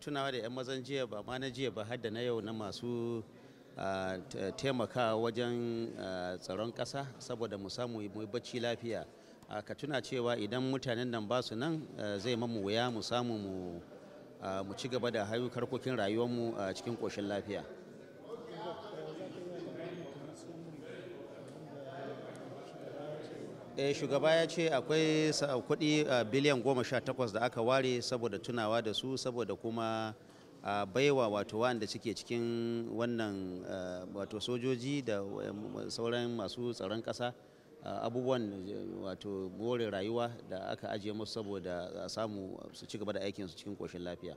tunawa da 'yan mazan jiya ba ma na jiya ba har da na yau na masu taimakawa wajen tsaron kasa saboda mu samu mu bacci lafiya ka tuna cewa idan mutanen nan ba su nan zai mamu wuya mu samu mu ci gaba da harkokin rayuwarmu cikin koshin lafiya eh shugaba ya ce akwai kuɗi biliyan goma sha takwas da aka ware saboda tunawa da su saboda kuma a baiwa wato wanda suke cikin wannan wato sojoji da eh, sauran masu tsaron ƙasa abubuwan wato more rayuwa da aka ajiye musu saboda samu su ci gaba da aikinsu cikin ƙoshin lafiya